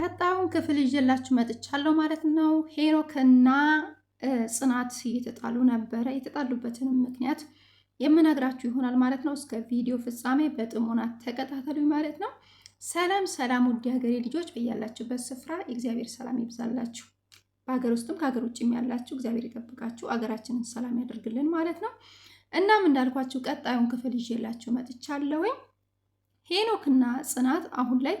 ቀጣዩን ክፍል ይዤላችሁ መጥቻለሁ ማለት ነው። ሄኖክና ጽናት እየተጣሉ ነበረ። የተጣሉበትን ምክንያት የምነግራችሁ ይሆናል ማለት ነው። እስከ ቪዲዮ ፍጻሜ በጥሞና ተከታተሉ ማለት ነው። ሰላም ሰላም፣ ውድ ሀገሬ ልጆች በያላችሁበት ስፍራ እግዚአብሔር ሰላም ይብዛላችሁ። በሀገር ውስጥም ከሀገር ውጭም ያላችሁ እግዚአብሔር ይጠብቃችሁ፣ አገራችንን ሰላም ያደርግልን ማለት ነው። እናም እንዳልኳችሁ ቀጣዩን ክፍል ይዤላችሁ መጥቻለሁኝ። ሄኖክና ጽናት አሁን ላይ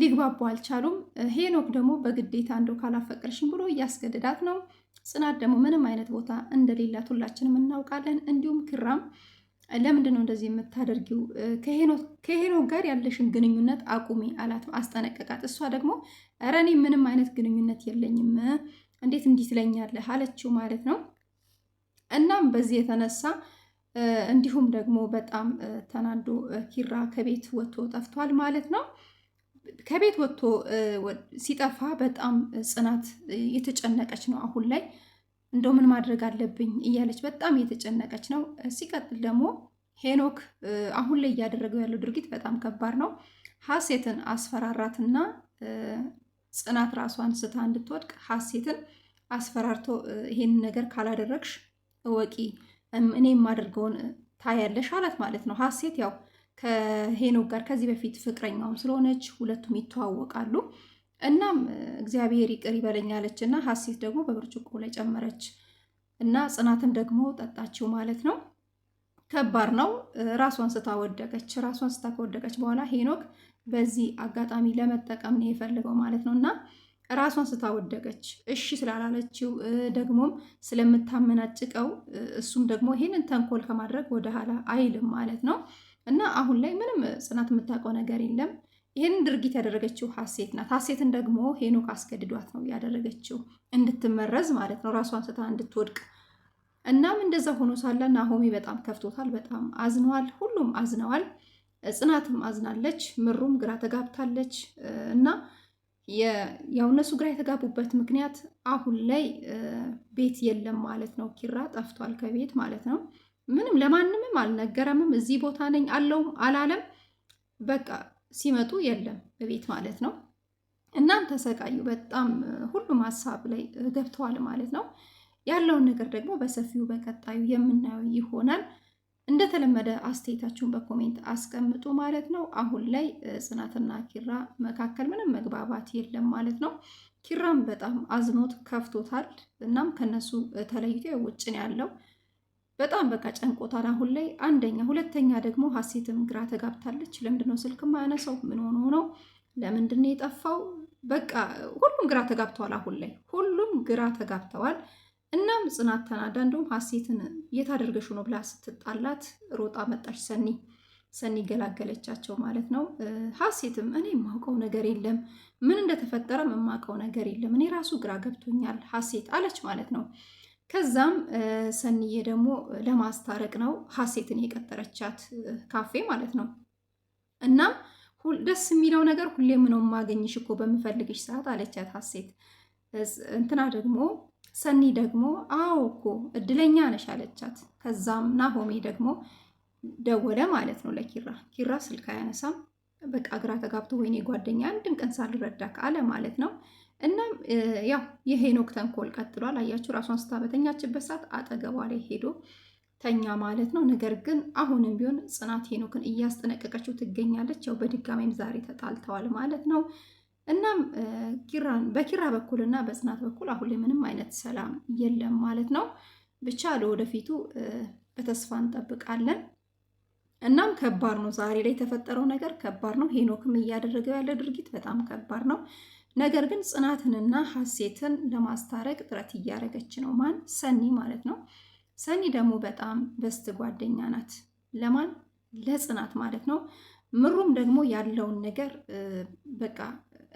ሊግባቡ አልቻሉም። ሄኖክ ደግሞ በግዴታ እንደው ካላፈቅርሽን ብሎ እያስገድዳት ነው። ጽናት ደግሞ ምንም አይነት ቦታ እንደሌላት ሁላችንም እናውቃለን። እንዲሁም ክራም ለምንድን ነው እንደዚህ የምታደርጊው? ከሄኖክ ጋር ያለሽን ግንኙነት አቁሚ አላት፣ አስጠነቀቃት። እሷ ደግሞ ኧረ እኔ ምንም አይነት ግንኙነት የለኝም እንዴት እንዲህ ትለኛለህ አለችው ማለት ነው። እናም በዚህ የተነሳ እንዲሁም ደግሞ በጣም ተናዶ ኪራ ከቤት ወጥቶ ጠፍቷል ማለት ነው። ከቤት ወጥቶ ሲጠፋ በጣም ጽናት የተጨነቀች ነው። አሁን ላይ እንደው ምን ማድረግ አለብኝ እያለች በጣም የተጨነቀች ነው። ሲቀጥል ደግሞ ሄኖክ አሁን ላይ እያደረገው ያለው ድርጊት በጣም ከባድ ነው። ሀሴትን አስፈራራትና ጽናት ራሷን ስታ እንድትወድቅ ሀሴትን አስፈራርቶ ይሄን ነገር ካላደረግሽ እወቂ፣ እኔ የማደርገውን ታያለሽ አላት ማለት ነው። ሀሴት ያው ከሄኖክ ጋር ከዚህ በፊት ፍቅረኛውም ስለሆነች ሁለቱም ይተዋወቃሉ። እናም እግዚአብሔር ይቅር ይበለኝ አለች እና ሀሴት ደግሞ በብርጭቆ ላይ ጨመረች እና ጽናትም ደግሞ ጠጣችው ማለት ነው። ከባድ ነው። ራሷን ስታ ወደቀች። ራሷን ስታ ከወደቀች በኋላ ሄኖክ በዚህ አጋጣሚ ለመጠቀም ነው የፈለገው ማለት ነው እና ራሷን ስታወደቀች እሺ ስላላለችው ደግሞም ስለምታመናጭቀው እሱም ደግሞ ይሄንን ተንኮል ከማድረግ ወደ ኋላ አይልም ማለት ነው። እና አሁን ላይ ምንም ጽናት የምታውቀው ነገር የለም። ይህን ድርጊት ያደረገችው ሀሴት ናት። ሀሴትን ደግሞ ሄኖክ አስገድዷት ነው ያደረገችው፣ እንድትመረዝ ማለት ነው፣ ራሷን ስታ እንድትወድቅ። እናም እንደዛ ሆኖ ሳለ ናሆሚ በጣም ከፍቶታል፣ በጣም አዝነዋል፣ ሁሉም አዝነዋል። ጽናትም አዝናለች፣ ምሩም ግራ ተጋብታለች። እና ያው እነሱ ግራ የተጋቡበት ምክንያት አሁን ላይ ቤት የለም ማለት ነው፣ ኪራ ጠፍቷል ከቤት ማለት ነው። ምንም ለማንምም አልነገረምም። እዚህ ቦታ ነኝ አለውም አላለም። በቃ ሲመጡ የለም እቤት ማለት ነው። እናም ተሰቃዩ። በጣም ሁሉም ሀሳብ ላይ ገብተዋል ማለት ነው። ያለውን ነገር ደግሞ በሰፊው በቀጣዩ የምናየው ይሆናል። እንደተለመደ አስተያየታችሁን በኮሜንት አስቀምጡ ማለት ነው። አሁን ላይ ጽናትና ኪራ መካከል ምንም መግባባት የለም ማለት ነው። ኪራም በጣም አዝኖት ከፍቶታል። እናም ከነሱ ተለይቶ ውጭ ያለው። በጣም በቃ ጨንቆታል አሁን ላይ አንደኛ። ሁለተኛ ደግሞ ሀሴትም ግራ ተጋብታለች። ለምንድነው ስልክ ማያነሳው? ምን ሆኖ ነው? ለምንድን ነው የጠፋው? በቃ ሁሉም ግራ ተጋብተዋል አሁን ላይ ሁሉም ግራ ተጋብተዋል። እናም ጽናት ተናዳ እንደውም ሀሴትን የት አደርገሽው ነው ብላ ስትጣላት ሮጣ መጣች ሰኒ ሰኒ ገላገለቻቸው ማለት ነው። ሀሴትም እኔ የማውቀው ነገር የለም ምን እንደተፈጠረ የማውቀው ነገር የለም እኔ ራሱ ግራ ገብቶኛል ሀሴት አለች ማለት ነው። ከዛም ሰንዬ ደግሞ ለማስታረቅ ነው ሀሴትን የቀጠረቻት ካፌ ማለት ነው። እናም ደስ የሚለው ነገር ሁሌም ነው የማገኝሽ እኮ በምፈልግሽ ሰዓት አለቻት ሀሴት። እንትና ደግሞ ሰኒ ደግሞ አዎ እኮ እድለኛ ነሽ አለቻት። ከዛም ናሆሜ ደግሞ ደወለ ማለት ነው ለኪራ። ኪራ ስልክ አያነሳም። በቃ ግራ ተጋብቶ ወይኔ ጓደኛ አንድም ቀን ሳልረዳ ካለ ማለት ነው እናም ያው የሄኖክ ተንኮል ቀጥሏል። አያችሁ ራሷን ስታ በተኛችበት ሰዓት አጠገቧ ላይ ሄዶ ተኛ ማለት ነው። ነገር ግን አሁንም ቢሆን ጽናት ሄኖክን እያስጠነቀቀችው ትገኛለች። ያው በድጋሚም ዛሬ ተጣልተዋል ማለት ነው። እናም ኪራን በኪራ በኩልና በጽናት በኩል አሁን ላይ ምንም አይነት ሰላም የለም ማለት ነው። ብቻ ለወደፊቱ በተስፋ እንጠብቃለን። እናም ከባድ ነው። ዛሬ ላይ የተፈጠረው ነገር ከባድ ነው። ሄኖክም እያደረገው ያለ ድርጊት በጣም ከባድ ነው። ነገር ግን ጽናትንና ሀሴትን ለማስታረቅ ጥረት እያደረገች ነው። ማን ሰኒ ማለት ነው። ሰኒ ደግሞ በጣም በስት ጓደኛ ናት። ለማን ለጽናት ማለት ነው። ምሩም ደግሞ ያለውን ነገር በቃ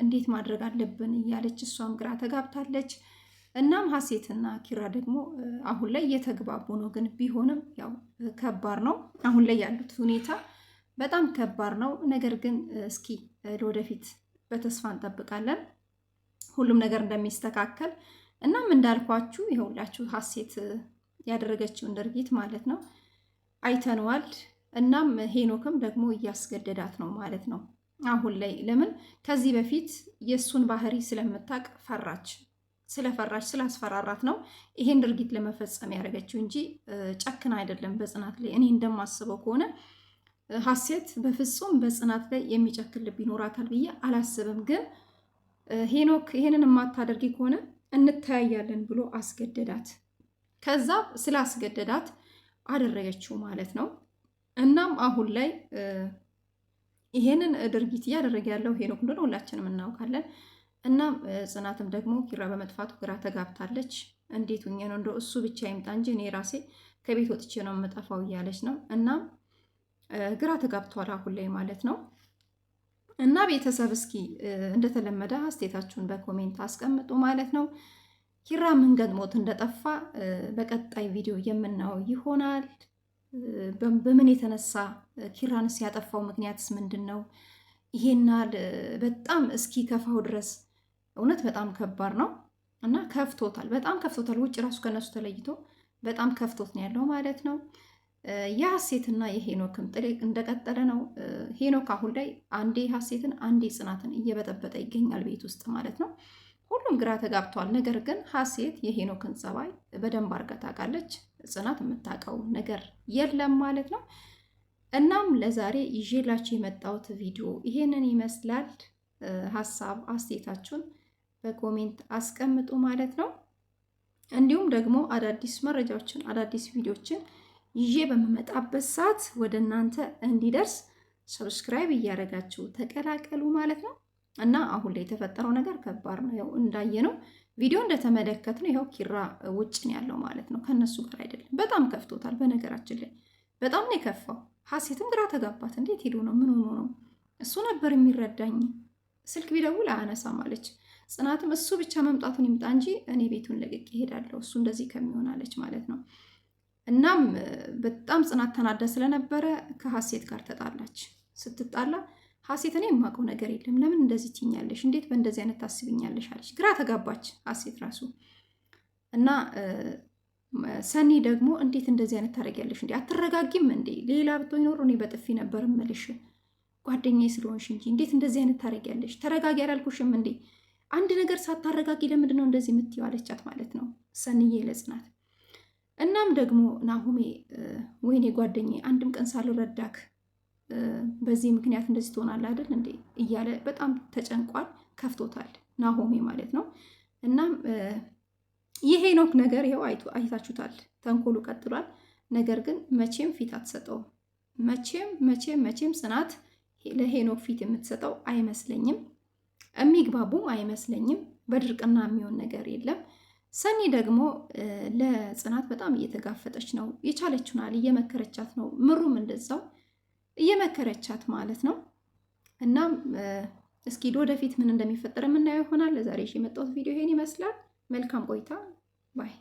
እንዴት ማድረግ አለብን እያለች እሷም ግራ ተጋብታለች። እናም ሀሴትና ኪራ ደግሞ አሁን ላይ እየተግባቡ ነው። ግን ቢሆንም ያው ከባድ ነው። አሁን ላይ ያሉት ሁኔታ በጣም ከባድ ነው። ነገር ግን እስኪ ለወደፊት በተስፋ እንጠብቃለን። ሁሉም ነገር እንደሚስተካከል እናም እንዳልኳችሁ የሁላችሁ ሀሴት ያደረገችውን ድርጊት ማለት ነው አይተነዋል። እናም ሄኖክም ደግሞ እያስገደዳት ነው ማለት ነው አሁን ላይ ለምን ከዚህ በፊት የእሱን ባህሪ ስለምታቅ ፈራች ስለፈራች ስላስፈራራት ነው ይሄን ድርጊት ለመፈጸም ያደረገችው እንጂ ጨክና አይደለም። በጽናት ላይ እኔ እንደማስበው ከሆነ ሀሴት በፍጹም በጽናት ላይ የሚጨክል ልብ ይኖራታል ብዬ አላስብም። ግን ሄኖክ ይህንን የማታደርጊ ከሆነ እንተያያለን ብሎ አስገደዳት። ከዛ ስላስገደዳት አደረገችው ማለት ነው። እናም አሁን ላይ ይሄንን ድርጊት እያደረገ ያለው ሄኖክ እንደሆነ ሁላችንም እናውቃለን። እናም ጽናትም ደግሞ ኪራ በመጥፋቱ ግራ ተጋብታለች። እንዴት ሁኜ ነው እንደው እሱ ብቻ ይምጣ እንጂ እኔ ራሴ ከቤት ወጥቼ ነው የምጠፋው እያለች ነው። እናም ግራ ተጋብቷል አሁን ላይ ማለት ነው። እና ቤተሰብ እስኪ እንደተለመደ አስቴታችሁን በኮሜንት አስቀምጡ ማለት ነው። ኪራ ምን ገጥሞት እንደጠፋ በቀጣይ ቪዲዮ የምናየው ይሆናል። በምን የተነሳ ኪራንስ ያጠፋው ምክንያትስ ምንድን ነው? ይሄናል በጣም እስኪ ከፋው ድረስ እውነት በጣም ከባድ ነው እና ከፍቶታል፣ በጣም ከፍቶታል። ውጭ ራሱ ከነሱ ተለይቶ በጣም ከፍቶት ነው ያለው ማለት ነው። የሐሴትና የሄኖክም ጥ እንደቀጠለ ነው። ሄኖክ አሁን ላይ አንዴ ሐሴትን አንዴ ጽናትን እየበጠበጠ ይገኛል ቤት ውስጥ ማለት ነው። ሁሉም ግራ ተጋብተዋል። ነገር ግን ሐሴት የሄኖክን ጸባይ በደንብ አርጋ ታውቃለች። ጽናት የምታውቀው ነገር የለም ማለት ነው። እናም ለዛሬ ይዤላችሁ የመጣሁት ቪዲዮ ይሄንን ይመስላል። ሀሳብ አስተያየታችሁን በኮሜንት አስቀምጡ ማለት ነው። እንዲሁም ደግሞ አዳዲስ መረጃዎችን አዳዲስ ቪዲዮችን ይዤ በምመጣበት ሰዓት ወደ እናንተ እንዲደርስ ሰብስክራይብ እያደረጋችሁ ተቀላቀሉ ማለት ነው። እና አሁን ላይ የተፈጠረው ነገር ከባድ ነው። ያው ነው ቪዲዮ እንደተመለከት ነው። ያው ኪራ ውጭ ነው ያለው ማለት ነው። ከነሱ ጋር አይደለም። በጣም ከፍቶታል። በነገራችን ላይ በጣም ነው የከፋው። ሀሴትም ግራ ተጋባት። እንዴት ሄዶ ነው? ምን ሆኖ ነው? እሱ ነበር የሚረዳኝ። ስልክ ቢደውል አያነሳም አለች። ጽናትም እሱ ብቻ መምጣቱን ይምጣ እንጂ እኔ ቤቱን ለቅቄ እሄዳለሁ እሱ እንደዚህ ከሚሆን አለች ማለት ነው። እናም በጣም ጽናት ተናዳ ስለነበረ ከሀሴት ጋር ተጣላች። ስትጣላ ሀሴት እኔ የማውቀው ነገር የለም ለምን እንደዚህ ትኛለሽ? እንዴት በእንደዚህ አይነት ታስብኛለሽ? አለች። ግራ ተጋባች ሀሴት ራሱ እና ሰኒ ደግሞ እንዴት እንደዚህ አይነት ታደርጊያለሽ? እንዴ አትረጋጊም እንዴ? ሌላ ብትሆኝ ኖሮ እኔ በጥፊ ነበር እምልሽ ጓደኛዬ ስለሆንሽ እንጂ እንዴት እንደዚህ አይነት ታደርጊያለሽ? ተረጋጊ አላልኩሽም እንዴ? አንድ ነገር ሳታረጋጊ ለምንድን ነው እንደዚህ የምትይው? አለቻት ማለት ነው ሰኒዬ ለጽናት እናም ደግሞ ናሁሜ ወይኔ ጓደኛ አንድም ቀን ሳልረዳክ በዚህ ምክንያት እንደዚህ ትሆናለህ አይደል እንዴ እያለ በጣም ተጨንቋል፣ ከፍቶታል ናሆሜ ማለት ነው። እናም የሄኖክ ነገር ይኸው አይታችሁታል፣ ተንኮሉ ቀጥሏል። ነገር ግን መቼም ፊት አትሰጠውም። መቼም መቼም መቼም ጽናት ለሄኖክ ፊት የምትሰጠው አይመስለኝም። የሚግባቡም አይመስለኝም። በድርቅና የሚሆን ነገር የለም። ሰኒ ደግሞ ለጽናት በጣም እየተጋፈጠች ነው። የቻለችውን አለ እየመከረቻት ነው። ምሩም እንደዛው እየመከረቻት ማለት ነው። እናም እስኪ ወደፊት ምን እንደሚፈጠር የምናየው ይሆናል። ለዛሬ የመጣሁት ቪዲዮ ይሄን ይመስላል። መልካም ቆይታ ባይ